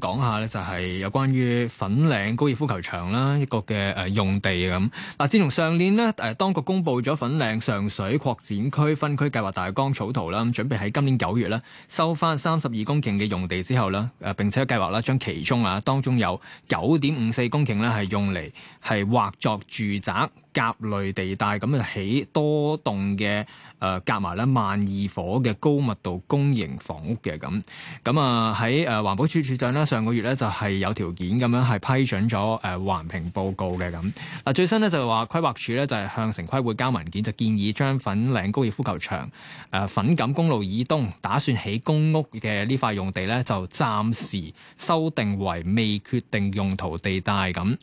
講下咧就係有關於粉嶺高爾夫球場啦，一個嘅誒用地咁。嗱，自從上年呢，誒，當局公布咗粉嶺上水擴展區分區計劃大綱草圖啦，準備喺今年九月呢收翻，三十二公頃嘅用地之後啦。並且計劃啦，將其中啊，當中有九點五四公頃呢係用嚟，係劃作住宅。甲類地帶，咁就起多棟嘅，誒夾埋咧，萬二火嘅高密度公營房屋嘅。咁咁啊，喺誒環保署署長啦，上個月咧就係有條件咁樣係批准咗誒環評報告嘅。咁嗱，最新咧就係話規劃署咧就係、是、向城規會交文件，就建議將粉嶺高爾夫球場誒、呃、粉錦公路以東打算起公屋嘅呢塊用地咧，就暫時修訂為未決定用途地帶。咁誒、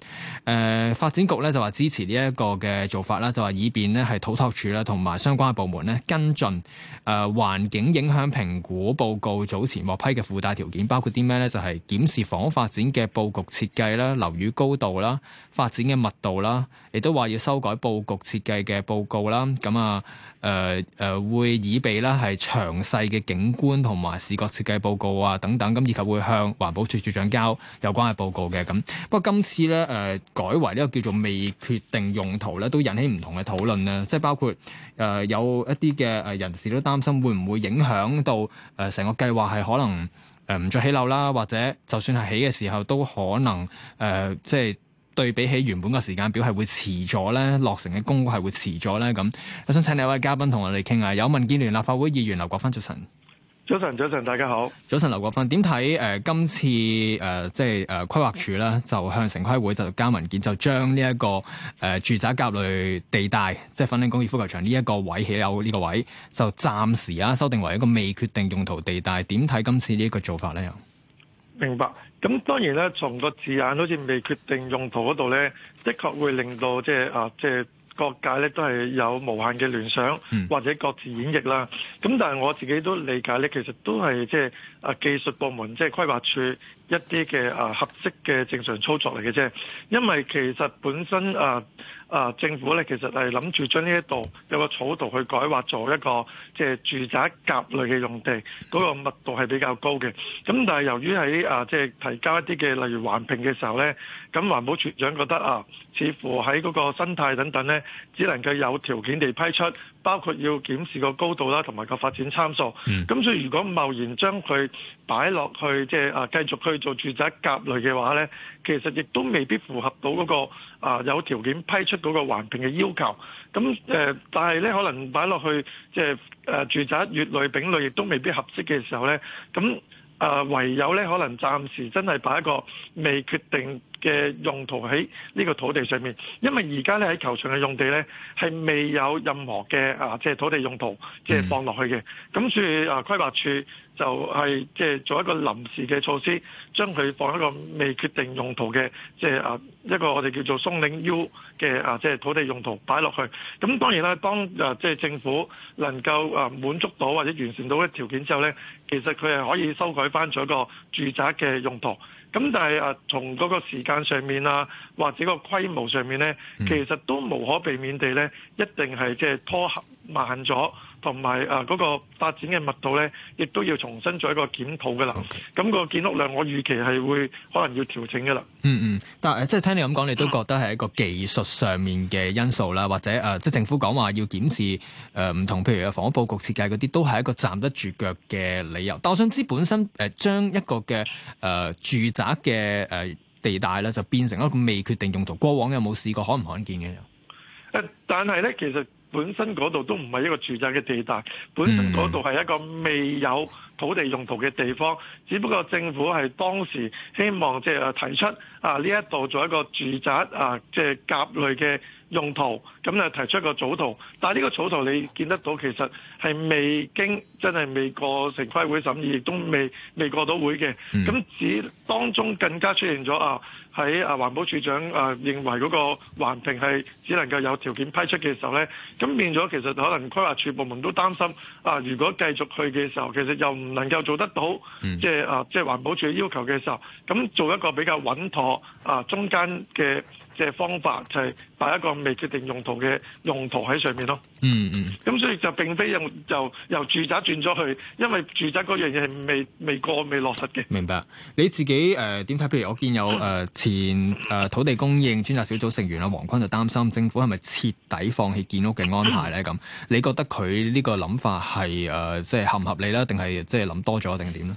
呃、發展局咧就話支持呢、這、一個。嘅做法啦，就係、是、以便咧係土拓署啦同埋相關部門咧跟進誒、呃、環境影響評估報告早前獲批嘅附帶條件，包括啲咩咧？就係、是、檢視房屋發展嘅佈局設計啦、樓宇高度啦、發展嘅密度啦，亦都話要修改佈局設計嘅報告啦。咁啊。誒誒、呃呃、會以備啦，係詳細嘅景觀同埋視覺設計報告啊，等等咁，以及會向環保署署長交、交有關嘅報告嘅咁。不過今次咧誒、呃、改為呢個叫做未決定用途咧，都引起唔同嘅討論咧、啊，即係包括誒、呃、有一啲嘅人士都擔心會唔會影響到誒成、呃、個計劃係可能誒唔再起樓啦，或者就算係起嘅時候都可能誒、呃、即係。對比起原本嘅時間表係會遲咗咧，落成嘅工係會遲咗咧，咁我想請另一位嘉賓同我哋傾下。有民建聯立法會議員劉國勳，早晨，早晨早晨，大家好。早晨，劉國勳，點睇誒今次誒、呃、即係誒、呃、規劃署咧，就向城規會就交文件就、這個，就將呢一個誒住宅甲類地帶，即係粉嶺高爾夫球場呢一個位起樓呢個位，就暫時啊修訂為一個未決定用途地帶。點睇今次呢一個做法咧？又明白。咁當然咧，從個字眼好似未決定用途嗰度咧，的確會令到即係啊，即係各界咧都係有無限嘅聯想，或者各自演繹啦。咁但係我自己都理解咧，其實都係即係啊技術部門即係規劃處一啲嘅啊合適嘅正常操作嚟嘅啫，因為其實本身啊。啊！政府咧其實係諗住將呢一度有個草度去改劃做一個即係、就是、住宅甲類嘅用地，嗰、那個密度係比較高嘅。咁但係由於喺啊即係、就是、提交一啲嘅例如環評嘅時候咧，咁環保署長覺得啊，似乎喺嗰個生態等等咧，只能夠有條件地批出，包括要檢視個高度啦，同埋個發展參數。咁、嗯、所以如果貿然將佢擺落去即係、就是、啊繼續去做住宅甲類嘅話咧。其實亦都未必符合到嗰個啊有條件批出嗰個環評嘅要求，咁誒、呃，但係咧可能擺落去即係誒住宅乙類丙類亦都未必合適嘅時候咧，咁啊、呃、唯有咧可能暫時真係擺一個未決定嘅用途喺呢個土地上面，因為而家咧喺球場嘅用地咧係未有任何嘅啊，即係土地用途即係放落去嘅。咁所以啊，規劃處就係即係做一個臨時嘅措施，將佢放一個未決定用途嘅即係啊一個我哋叫做松嶺 U 嘅啊即係土地用途擺落去。咁當然啦，當啊即係政府能夠啊滿足到或者完善到嘅條件之後咧，其實佢係可以修改翻咗個住宅嘅用途。咁但係啊，從嗰個時間上面啊，或者個規模上面咧，其實都無可避免地咧，一定係即係拖慢咗。同埋誒嗰個發展嘅密度咧，亦都要重新做一個檢討嘅啦。咁 Okay. 個建屋量，我預期係會可能要調整嘅啦。嗯嗯。但係、呃、即係聽你咁講，你都覺得係一個技術上面嘅因素啦，或者誒、呃、即係政府講話要檢視誒唔同，譬、呃、如嘅房屋佈局設計嗰啲，都係一個站得住腳嘅理由。但我想知本身誒、呃、將一個嘅誒、呃、住宅嘅誒地帶咧，就變成一個未決定用途，過往有冇試過罕唔罕見嘅？誒、呃，但係咧，其實。本身嗰度都唔係一個住宅嘅地帶，本身嗰度係一個未有土地用途嘅地方，只不過政府係當時希望即係提出啊呢一度做一個住宅啊，即係甲類嘅。用途咁就提出一個草圖，但係呢個草圖你見得到其實係未經真係未過城規會審議，亦都未未過到會嘅。咁只、mm. 當中更加出現咗啊！喺啊環保署長啊認為嗰個環評係只能夠有條件批出嘅時候咧，咁變咗其實可能規劃署部門都擔心啊！如果繼續去嘅時候，其實又唔能夠做得到，即係啊即係環保署要求嘅時候，咁做一個比較穩妥啊中間嘅。即係方法就係擺一個未決定用途嘅用途喺上面咯、嗯。嗯嗯。咁所以就並非由由由住宅轉咗去，因為住宅嗰樣嘢係未未過未落實嘅。明白。你自己誒點睇？譬、呃、如我見有誒、呃、前誒、呃、土地供應專責小組成員啊，黃坤就擔心政府係咪徹底放棄建屋嘅安排咧？咁、嗯，你覺得佢呢個諗法係誒、呃、即係合唔合理啦？定係即係諗多咗定係點咧？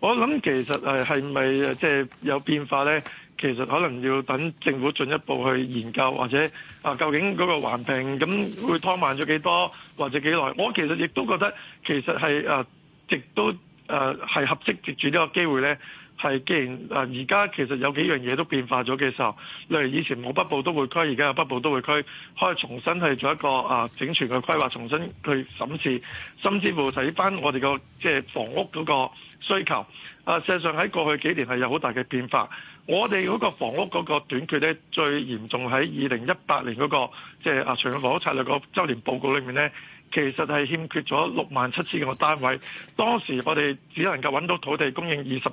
我諗其實誒係咪即係有變化咧？其實可能要等政府進一步去研究，或者啊，究竟嗰個環評咁會拖慢咗幾多，或者幾耐？我其實亦都覺得其實係啊，亦都啊係合適接住呢個機會呢係既然啊，而家其實有幾樣嘢都變化咗嘅時候，例如以前冇北部都會區，而家有北部都會區，可以重新去做一個啊整全嘅規劃，重新去審視，甚至乎睇翻我哋嘅即係房屋嗰個需求啊。事實上喺過去幾年係有好大嘅變化。我哋嗰個房屋嗰個短缺咧，最嚴重喺二零一八年嗰個，即係啊長遠房屋策略嘅週年報告裏面咧，其實係欠缺咗六萬七千個單位。當時我哋只能夠揾到土地供應二十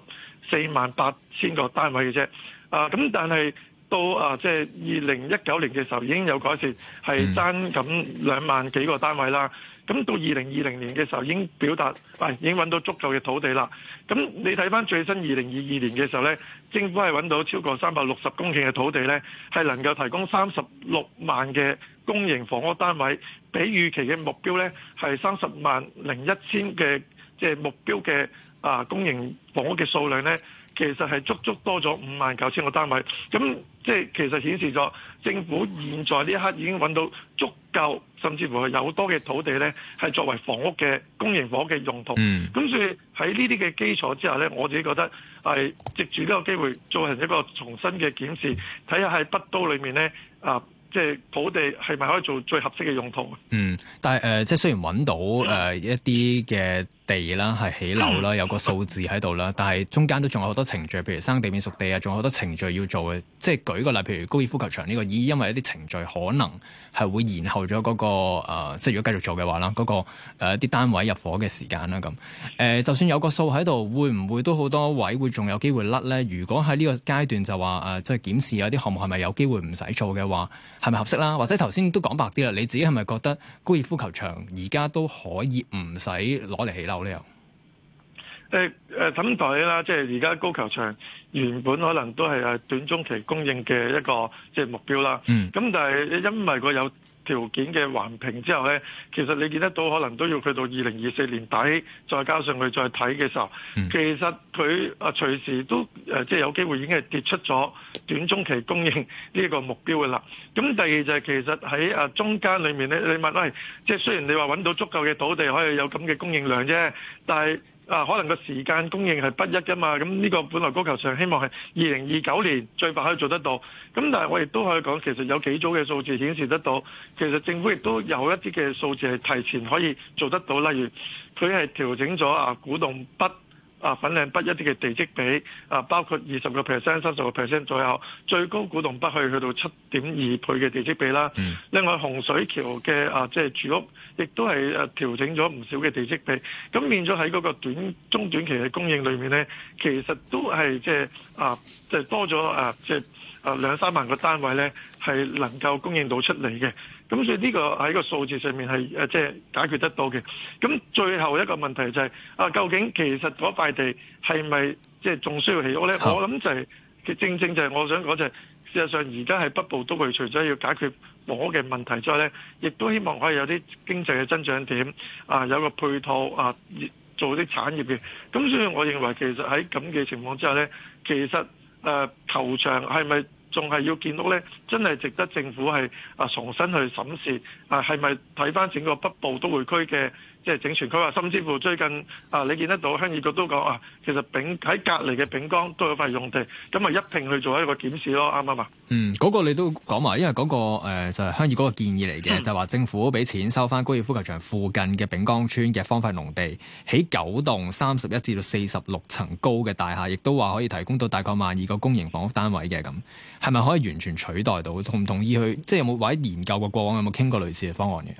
四萬八千個單位嘅啫。啊，咁但係。到啊，即係二零一九年嘅時候已經有改善，係爭咁兩萬幾個單位啦。咁到二零二零年嘅時候已經表達，喂、哎，已經揾到足夠嘅土地啦。咁你睇翻最新二零二二年嘅時候咧，政府係揾到超過三百六十公頃嘅土地咧，係能夠提供三十六萬嘅公營房屋單位，比預期嘅目標咧係三十萬零一千嘅，即、就、係、是、目標嘅啊公營房屋嘅數量咧。其實係足足多咗五萬九千個單位，咁即係其實顯示咗政府現在呢一刻已經揾到足夠，甚至乎係有多嘅土地咧，係作為房屋嘅公營房屋嘅用途。咁所以喺呢啲嘅基礎之下咧，我自己覺得係藉住呢個機會，進行一個重新嘅檢視，睇下喺北都裏面咧啊。呃即係土地係咪可以做最合適嘅用途？嗯，但係誒、呃，即係雖然揾到誒、呃、一啲嘅地啦，係起樓啦，嗯、有個數字喺度啦，但係中間都仲有好多程序，譬如生地變熟地啊，仲有好多程序要做嘅。即係舉個例子，譬如高爾夫球場呢個意義，已因為一啲程序可能係會延後咗嗰、那個誒、呃，即係如果繼續做嘅話啦，嗰、那個誒一啲單位入伙嘅時間啦，咁誒、呃，就算有個數喺度，會唔會都好多位會仲有機會甩咧？如果喺呢個階段就話誒，即係檢視有，啲項目係咪有機會唔使做嘅話？係咪合適啦？或者頭先都講白啲啦，你自己係咪覺得高爾夫球場而家都可以唔使攞嚟起樓呢？又誒誒，咁對啦，即係而家高球場原本可能都係誒短中期供應嘅一個即係、就是、目標啦。嗯，咁但係因為佢有。條件嘅環評之後咧，其實你見得到可能都要去到二零二四年底，再加上佢再睇嘅時候，其實佢啊隨時都即有機會已經係跌出咗短中期供應呢個目標嘅啦。咁第二就係其實喺中間裏面咧，你問都即係雖然你話揾到足夠嘅土地可以有咁嘅供應量啫，但係。啊，可能個時間供應係不一噶嘛，咁呢個本來高球場希望係二零二九年最快可以做得到，咁但係我亦都可以講，其實有幾組嘅數字顯示得到，其實政府亦都有一啲嘅數字係提前可以做得到，例如佢係調整咗啊股動不啊，粉嶺北一啲嘅地積比，啊包括二十個 percent、三十個 percent 左右，最高古洞北去去到七點二倍嘅地積比啦。嗯、另外洪水橋嘅啊，即係住屋，亦都係誒調整咗唔少嘅地積比。咁變咗喺嗰個短中短期嘅供應裏面咧，其實都係即係啊，即係多咗啊，即係啊兩三萬個單位咧，係能夠供應到出嚟嘅。咁所以呢個喺個數字上面係即係解決得到嘅。咁最後一個問題就係、是、啊，究竟其實嗰塊地係咪即係仲需要起屋咧？嗯、我諗就係、是，正正就係我想講、就是，就係事實上而家係北部都會除咗要解決房屋嘅問題之外咧，亦都希望可以有啲經濟嘅增長點啊，有個配套啊，做啲產業嘅。咁所以我認為其實喺咁嘅情況之下咧，其實誒、啊、球場係咪？仲係要見到咧，真係值得政府係啊重新去審視啊，係咪睇翻整個北部都會區嘅？即係整全區啊，甚至乎最近啊，你見得到鄉議局都講啊，其實丙喺隔籬嘅丙江都有塊用地，咁咪一併去做一個檢視咯，啱唔啱啊？嗯，嗰、那個你都講埋，因為嗰、那個、呃、就係鄉議嗰個建議嚟嘅，嗯、就話政府俾錢收翻高爾夫球場附近嘅丙江村嘅荒廢農地，起九棟三十一至到四十六層高嘅大廈，亦都話可以提供到大概萬二個公營房屋單位嘅咁，係咪可以完全取代到？同唔同意去？即、就、係、是、有冇或者研究過過往有冇傾過類似嘅方案嘅？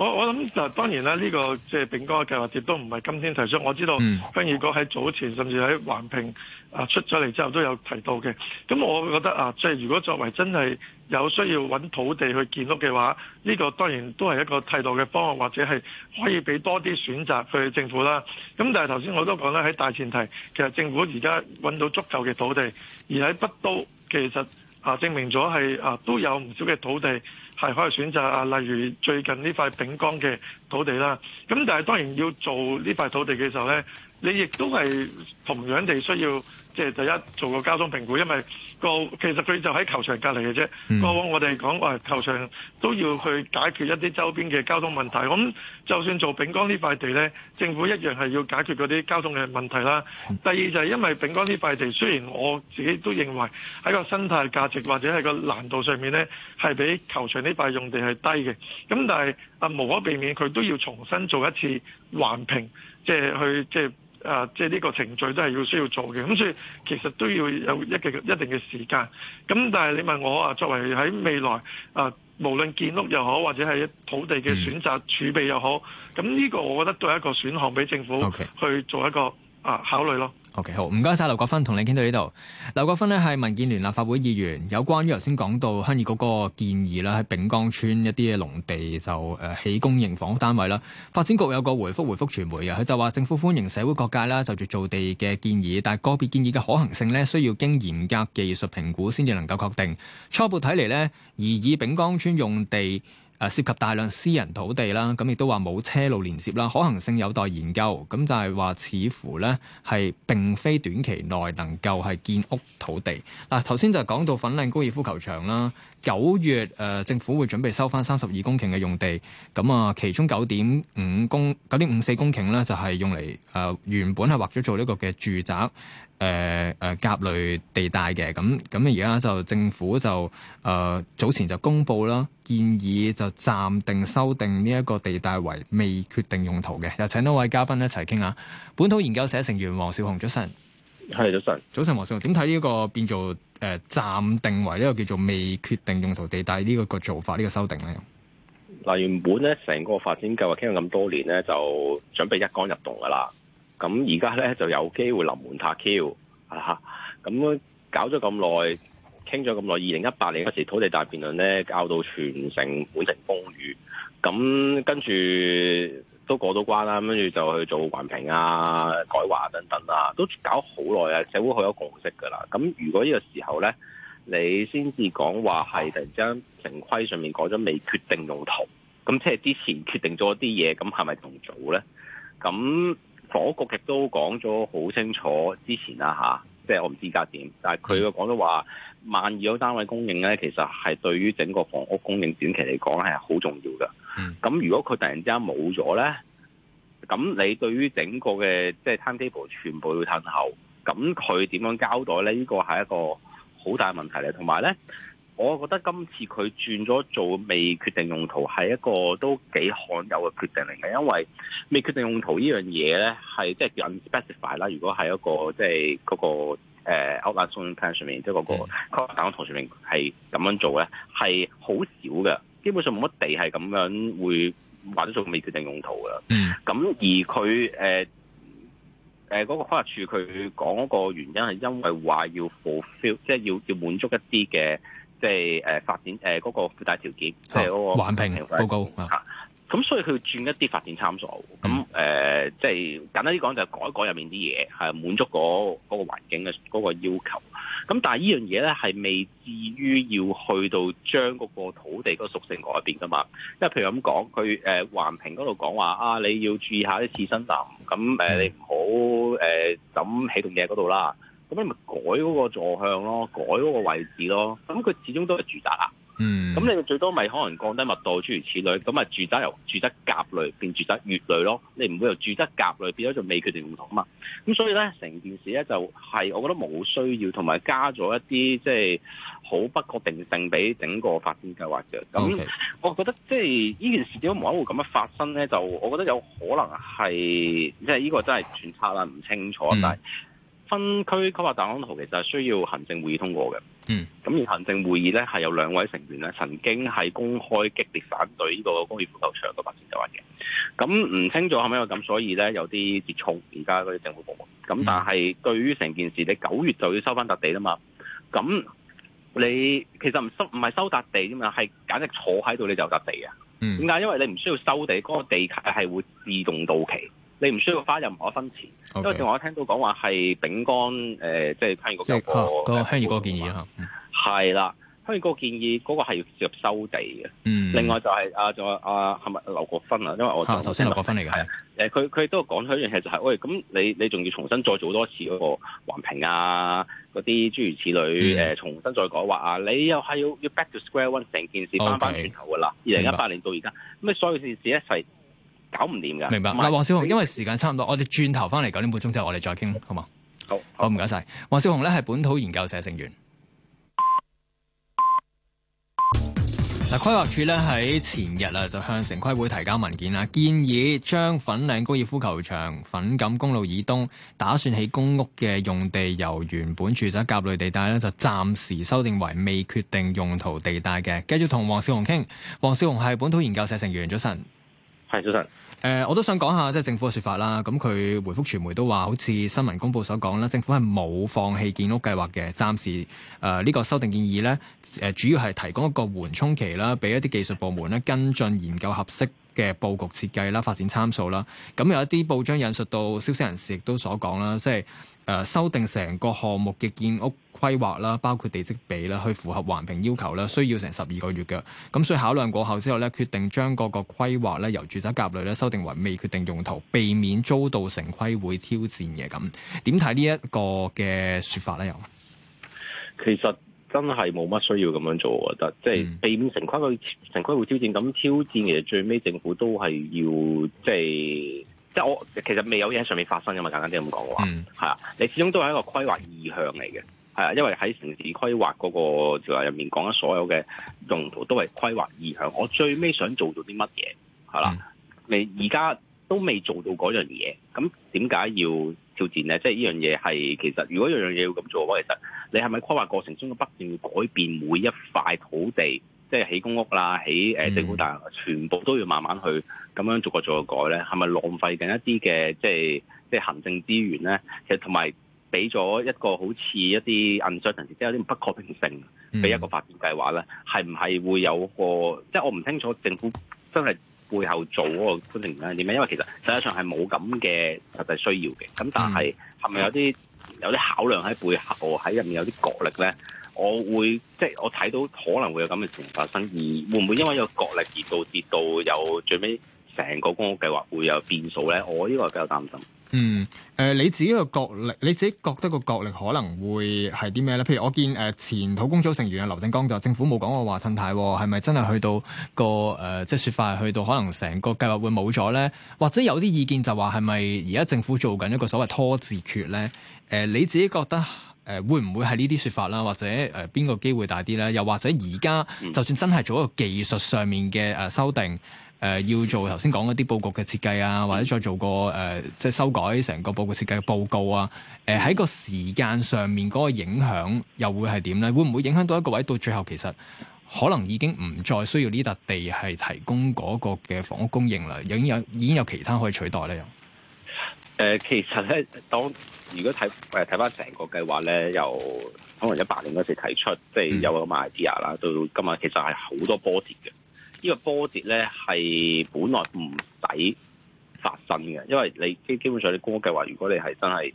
我我諗嗱，當然啦，呢、這個即係炳哥嘅計劃亦都唔係今天提出。我知道，鄉議局喺早前甚至喺環評啊出咗嚟之後都有提到嘅。咁我覺得啊，即係如果作為真係有需要揾土地去建屋嘅話，呢、這個當然都係一個替代嘅方案，或者係可以俾多啲選擇去政府啦。咁但係頭先我都講啦，喺大前提，其實政府而家揾到足夠嘅土地，而喺北都其實啊證明咗係啊都有唔少嘅土地。係可以選擇啊，例如最近呢塊丙崗嘅土地啦，咁但係當然要做呢塊土地嘅時候咧，你亦都係同樣地需要。即係第一做個交通評估，因為個其實佢就喺球場隔離嘅啫。嗯、過往我哋講話球場都要去解決一啲周邊嘅交通問題。咁就算做丙江呢塊地呢，政府一樣係要解決嗰啲交通嘅問題啦。第二就係因為丙江呢塊地雖然我自己都認為喺個生態價值或者係個難度上面呢，係比球場呢塊用地係低嘅。咁但係啊無可避免佢都要重新做一次環評，即係去即係。誒，即係呢個程序都係要需要做嘅，咁、嗯、所以其實都要有一一定嘅時間。咁但係你問我啊，作為喺未來、啊、無論建屋又好，或者係土地嘅選擇儲備又好，咁呢個我覺得都係一個選項，俾政府去做一個 Okay. 啊考慮咯。OK，好，唔該晒，劉國勳，同你傾到呢度。劉國勳咧係民建聯立法會議員，有關於頭先講到香葉嗰個建議啦，喺丙江村一啲嘅農地就誒起公營房屋單位啦。發展局有個回覆，回覆傳媒嘅，佢就話政府歡迎社會各界啦就住做地嘅建議，但係個別建議嘅可行性咧需要經嚴格的技術評估先至能夠確定。初步睇嚟咧，而以丙江村用地。誒涉及大量私人土地啦，咁亦都話冇車路連接啦，可行性有待研究，咁就係話似乎咧係並非短期內能夠係建屋土地。嗱，頭先就講到粉嶺高爾夫球場啦，九月誒政府會準備收翻三十二公頃嘅用地，咁啊其中九點五公九點五四公頃咧就係用嚟誒原本係劃咗做呢個嘅住宅。誒誒、呃呃、甲類地帶嘅咁咁，而家就政府就誒、呃、早前就公布啦，建議就暫定修訂呢一個地帶為未決定用途嘅。又請多位嘉賓一齊傾下，本土研究社成員黃肇鴻，早晨，係早晨，早晨黃肇鴻，點睇呢個變做誒、呃、暫定為呢個叫做未決定用途地帶呢個個做法呢、呢個修訂咧？嗱，原本咧成個發展計劃傾咗咁多年咧，就準備一桿入洞噶啦。咁而家咧就有機會臨門撻 Q，嚇、啊，咁搞咗咁耐，傾咗咁耐，二零一八年嗰時土地大辯論咧，搞到全城滿城風雨，咁跟住都過到關啦，跟住就去做環評啊、改劃等等啦、啊、都搞好耐啊，社會好有共識噶啦。咁如果呢個時候咧，你先至講話係突然之間城規上面改咗未決定用途，咁即係之前決定咗啲嘢，咁係咪同組咧？咁房屋局亦都講咗好清楚，之前啦嚇，即、啊、係、就是、我唔知家點，但係佢又講咗話萬二個單位供應咧，其實係對於整個房屋供應短期嚟講係好重要嘅。咁、嗯、如果佢突然之間冇咗咧，咁你對於整個嘅即係 time table 全部要褪後，咁佢點樣交代咧？呢個係一個好大問題咧，同埋咧。我覺得今次佢轉咗做未決定用途係一個都幾罕有嘅決定嚟嘅，因為未決定用途呢樣嘢咧，係即係 unspecified 啦。如果係一個即係嗰個誒 outline zoning plan 上面，即係嗰個規劃上面係咁樣做咧，係好少嘅，基本上冇乜地係咁樣會揾做未決定用途嘅、mm.。嗯、呃，咁而佢誒誒嗰個規劃處佢講嗰個原因係因為話要 fulfill 即係要要滿足一啲嘅。即係誒發展誒嗰、呃那個附帶條件係嗰個環評報告咁、嗯、所以佢轉一啲發展參數，咁誒即係簡單啲、就係、講就改改入面啲嘢，係滿足嗰嗰個環境嘅嗰個要求。咁但係依樣嘢咧係未至於要去到將嗰個土地個屬性改變㗎嘛。即係譬如咁講，佢誒、呃、環評嗰度講話啊，你要注意一下啲次生林，咁你唔好誒咁起棟嘢嗰度啦。咁你咪改嗰個座向咯，改嗰個位置咯。咁佢始終都係住宅啦，嗯。咁你最多咪可能降低密度，諸如此類。咁啊，住宅由住宅甲類變住宅乙類咯。你唔會由住宅甲類變咗就未決定用途啊嘛。咁所以咧，成件事咧就係我覺得冇需要，同埋加咗一啲即係好不確定性俾整個發展計劃嘅。咁我覺得 Okay. 即係呢件事點解冇可能咁樣發生咧？就我覺得有可能係即係呢個真係全抄啦，唔清楚，但係、嗯。分區規劃大綱圖其實係需要行政會議通過嘅。嗯，咁而行政會議咧係有兩位成員咧曾經係公開激烈反對呢個工業足球場嘅發展計劃嘅。咁唔清楚係咪因為咁，所以咧有啲接觸而家嗰啲政府部門。咁但係對於成件事，你九月就要收翻笪地啦嘛。咁你其實唔收唔係收笪地啫嘛，係簡直坐喺度你就笪地啊。嗯。點解？因為你唔需要收地，嗰、那個地契係會自動到期。你唔需要花任何一分錢。因為我聽到講話係餅乾，即係香個香個個潘二哥建議嚇，係啦，潘二哥建議嗰個係要接收地嘅。嗯，另外就係啊，仲啊，係咪劉國勳啊？因為我頭先劉國勳嚟嘅，係啊，誒佢佢都講咗一樣嘢就係，喂，咁你你仲要重新再做多次嗰個環評啊，嗰啲諸如此類誒，重新再改劃啊，你又係要要 back to square one，成件事翻返轉頭噶啦。二零一八年到而家，咁所有件事一齊。搞唔掂噶，明白嗱。黃肇鴻，因為時間差唔多，你我哋轉頭翻嚟九點半鐘之後，我哋再傾，好唔好？好，好唔該晒。黃肇鴻呢係本土研究社成員。嗱，規劃處呢喺前日啦，就向城規會提交文件啦，建議將粉嶺高爾夫球場粉錦公路以東打算起公屋嘅用地，由原本住宅甲類地帶呢，就暫時修訂為未決定用途地帶嘅。繼續同黃肇鴻傾。黃肇鴻係本土研究社成員，早晨。係，早晨。誒，我都想講下即係政府嘅説法啦。咁佢回覆傳媒都話，好似新聞公佈所講啦，政府係冇放棄建屋計劃嘅。暫時誒呢個修訂建議咧，誒主要係提供一個緩衝期啦，俾一啲技術部門咧跟進研究合適。嘅布局設計啦、發展參數啦，咁有一啲報章引述到消息人士亦都所講啦，即係誒修訂成個項目嘅建屋規劃啦，包括地積比啦，去符合環評要求啦，需要成十二個月嘅。咁所以考量過後之後咧，決定將嗰個規劃咧由住宅甲類咧修訂為未決定用途，避免遭到城規會挑戰嘅。咁點睇呢一個嘅説法咧？又其實。真係冇乜需要咁樣做，我覺得即係避免城規城規會挑戰，咁挑戰其實最尾政府都係要即係即係我其實未有嘢喺上面發生噶嘛，簡單啲咁講嘅話，係啊、嗯，你始終都係一個規劃意向嚟嘅，係啊，因為喺城市規劃嗰、那個條例入面講咗所有嘅用途都係規劃意向，我最尾想做到啲乜嘢係啦，嗯、你而家都未做到嗰樣嘢，咁點解要？挑戰咧，即係呢樣嘢係其實，如果依樣嘢要咁做嘅話，其實你係咪規劃過程中嘅不斷改變每一塊土地，即係起公屋啦，起誒政府大樓，全部都要慢慢去咁樣逐個逐個改咧？係咪浪費緊一啲嘅即係即係行政資源咧？其實同埋俾咗一個好似一啲印象，即係有啲不確定性嘅一個發展計劃咧，係唔係會有個即係我唔清楚政府真係。背後做嗰個觀點係點啊？因為其實實際上係冇咁嘅實際需要嘅，咁但係係咪有啲有啲考量喺背後，喺入面有啲角力咧？我會即係、就是、我睇到可能會有咁嘅事情發生，而會唔會因為有角力而導致到，有最尾成個公屋計劃會有變數咧？我呢個係比較擔心。嗯，誒、呃、你自己個角力，你自己覺得個角力可能會係啲咩咧？譬如我見誒、呃、前土公組成員啊，劉正光就說政府冇講過話態，係、哦、咪真係去到個誒、呃、即係説法去到可能成個計劃會冇咗咧？或者有啲意見就話係咪而家政府做緊一個所謂拖字決咧？誒、呃、你自己覺得誒、呃、會唔會係呢啲説法啦？或者誒邊、呃、個機會大啲咧？又或者而家就算真係做一個技術上面嘅誒、呃、修訂？誒、呃、要做頭先講嗰啲佈局嘅設計啊，或者再做個誒、呃、即係修改成個佈局設計嘅報告啊。誒、呃、喺個時間上面嗰個影響又會係點咧？會唔會影響到一個位置到最後其實可能已經唔再需要呢笪地係提供嗰個嘅房屋供應啦？已經有已經有其他可以取代咧。誒、呃，其實咧，當如果睇誒睇翻成個計劃咧，由可能一八年嗰時提出，即、就、係、是、有賣地啦，嗯、到今日其實係好多波折嘅。呢個波折咧係本來唔使發生嘅，因為你基基本上你公屋計劃，如果你係真係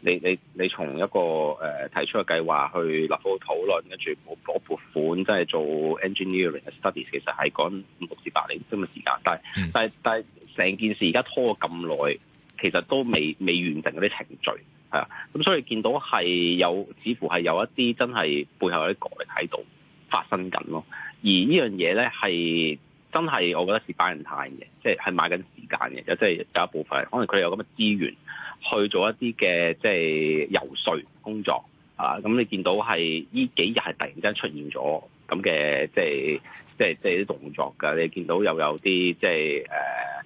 你你你從一個誒、呃、提出嘅計劃去立法會討論，跟住撥撥款，即係做 engineering studies，其實係講六至八年咁嘅、這個、時間。但係、嗯、但係但係成件事而家拖咗咁耐，其實都未未完成嗰啲程序係啊，咁所以見到係有似乎係有一啲真係背後有啲角力喺度發生緊咯。而呢樣嘢咧，係真係，我覺得是擺人攤嘅，即係買緊時間嘅，又即係有一部分可能佢哋有咁嘅資源去做一啲嘅即係游説工作啊。咁你見到係呢幾日係突然間出現咗。咁嘅即係即係即係啲動作㗎，你見到又有啲即係誒、呃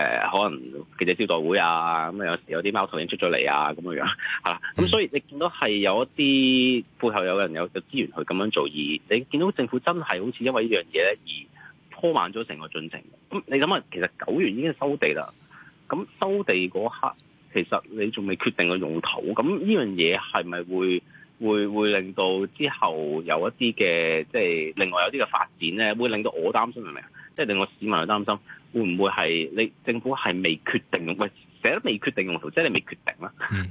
呃、可能記者招待會啊，咁啊有時有啲貓頭鷹出咗嚟啊，咁樣樣係啦，咁、嗯、所以你見到係有一啲背後有人有有資源去咁樣做，而你見到政府真係好似因為呢樣嘢而拖慢咗成個進程。咁你諗下，其實九月已經收地啦，咁、嗯、收地嗰刻其實你仲未決定個用途，咁、嗯、呢樣嘢係咪會？會會令到之後有一啲嘅即係另外有啲嘅發展咧，會令到我擔心係咪啊？即係令我市民去擔心會唔會，會唔會係你政府係未決定用？喂，寫得未決定用途，即係你未決定啦。嗯。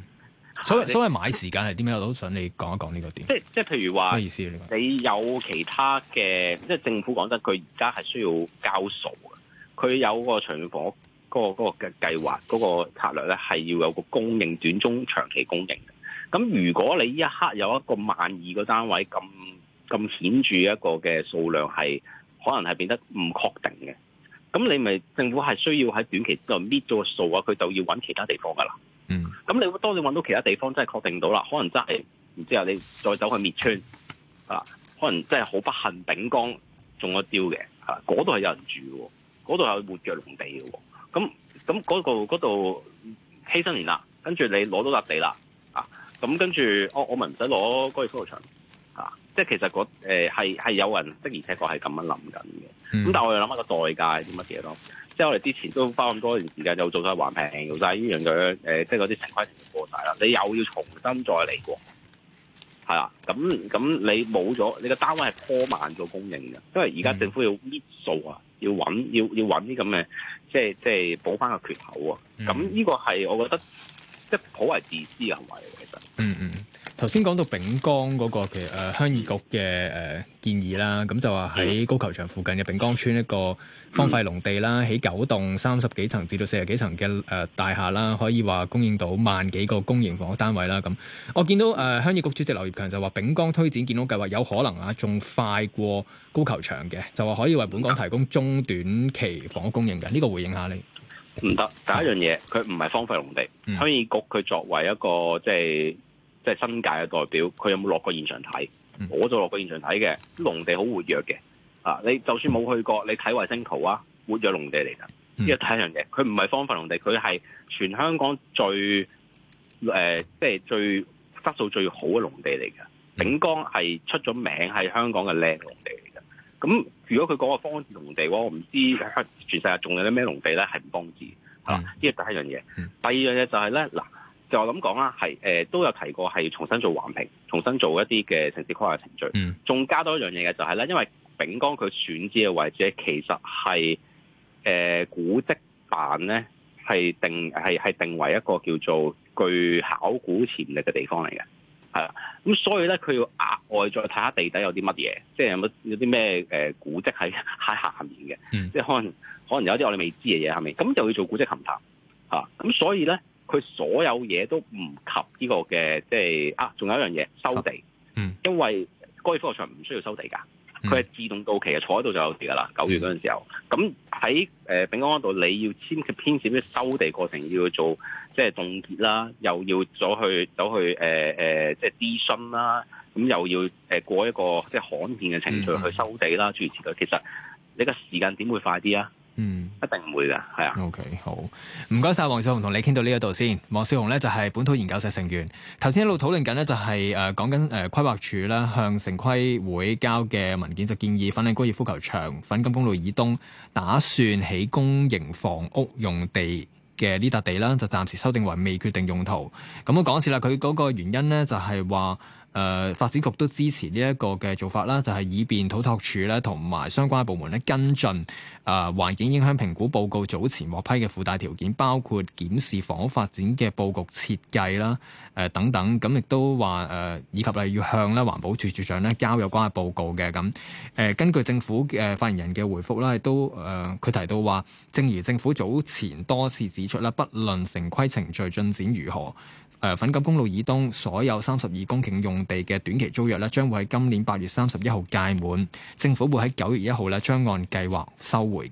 所所謂買時間係點樣？我都想你講一講呢個點。即係即係譬如話，咩意思？你有其他嘅，即係政府講得佢而家係需要交數嘅，佢有個長遠房屋嗰個嗰、嗰個、計劃嗰個策略咧，係要有個供應短中長期供應嘅。咁如果你呢一刻有一個萬二個單位，咁咁顯著一個嘅數量係可能係變得唔確定嘅。咁你咪政府係需要喺短期就搣咗個數啊，佢就要搵其他地方噶啦。嗯，咁你當你搵到其他地方真係確定到啦，可能真係然之後你再走去滅村啊，可能真係好不幸，丙江中咗標嘅啊，嗰度係有人住，嗰度係活躍農地嘅喎。咁咁嗰度嗰度犧牲完啦，跟住你攞到笪地啦。咁、嗯、跟住、哦，我我咪唔使攞工業複合場嚇、啊，即係其實嗰係係有人的，的，而且確係咁樣諗緊嘅。咁但我又諗下個代價係啲乜嘢咯？即係我哋之前都花咁多年時間，又做晒環評，做晒呢樣嘢，誒、呃，即係嗰啲城規程序過晒啦。你又要重新再嚟過係啦。咁咁、啊、你冇咗，你個單位係拖慢咗供應嘅，因為而家政府要搣數啊，要揾要要揾啲咁嘅，即係即係補翻個缺口啊。咁呢、嗯嗯、個係我覺得。即係好為自私行為，其實。嗯、呃、嗯，頭先講到丙崗嗰個其實誒鄉議局嘅誒、呃、建議啦，咁就話喺高球場附近嘅丙崗村一個荒廢農地啦，起、嗯、九棟三十幾層至到四十幾層嘅誒、呃、大廈啦，可以話供應到萬幾個公營房屋單位啦。咁我見到誒鄉議局主席劉業強就話丙崗推展建屋計劃有可能啊，仲快過高球場嘅，就話可以為本港提供中短期房屋供應嘅。呢、這個回應下你。唔得，第一樣嘢，佢唔係荒廢農地。嗯、鄉議局佢作為一個即係即係新界嘅代表，佢有冇落過現場睇？嗯、我就落過現場睇嘅，農地好活躍嘅。啊，你就算冇去過，你睇衛星圖啊，活躍農地嚟㗎。呢個第一樣嘢，佢唔係荒廢農地，佢係全香港最、呃、即係最質素最好嘅農地嚟嘅。嗯、頂江係出咗名，係香港嘅靚農地。咁如果佢講話荒置農地，我唔知全世界仲有啲咩農地咧係唔荒置。嚇、嗯，呢個第一樣嘢。第二樣嘢就係、是、咧，嗱就我諗講啦，係、呃、都有提過，係重新做環評，重新做一啲嘅城市規劃程序。仲、嗯、加多一樣嘢嘅就係咧，因為丙江佢選址嘅位置其實係誒、呃、古蹟辦，咧係定係係定為一個叫做具考古潛力嘅地方嚟嘅。係啦，咁、啊、所以咧，佢要額外再睇下地底有啲乜嘢，即係有冇有啲咩誒古跡喺喺下面嘅，嗯、即係可能可能有啲我哋未知嘅嘢係咪？咁就要做古跡勘探，嚇、啊。咁所以咧，佢所有嘢都唔及呢個嘅，即係啊，仲有一樣嘢收地，啊、嗯，因為該高球場唔需要收地㗎。佢係、嗯、自動到期坐喺度就有事噶啦。九月嗰陣時候，咁喺誒永安嗰度，你要簽嘅編寫啲收地過程要做，即係凍結啦，又要走去走去誒即係諮詢啦，咁又要誒、呃、過一個即係、就是、罕見嘅程序去收地啦，諸如此類。其實你個時間點會快啲啊？嗯，一定唔會噶，係啊。OK，好，唔該晒，黃肇鴻同你傾到呢一度先。黃肇鴻咧就係、是、本土研究社成員，頭先一路討論緊呢，就係誒講緊誒規劃署，咧向城規會交嘅文件就建議粉嶺高爾夫球場粉金公路以東打算起公營房屋用地嘅呢笪地啦，就暫時修訂為未決定用途。咁我講次啦，佢嗰個原因呢，就係話。誒、呃、發展局都支持呢一個嘅做法啦，就係、是、以便土拓署咧同埋相關部門咧跟進誒、呃、環境影響評估報告早前獲批嘅附帶條件，包括檢視房屋發展嘅佈局設計啦，誒、呃、等等。咁亦都話誒、呃，以及例要向咧環保署署長咧交有關嘅報告嘅。咁誒、呃、根據政府嘅發言人嘅回覆啦，亦都誒佢、呃、提到話，正如政府早前多次指出啦，不論城規程序進展如何。誒、呃、粉錦公路以東所有三十二公頃用地嘅短期租約咧，將會喺今年八月三十一號屆滿，政府會喺九月一號咧將按計劃收回嘅。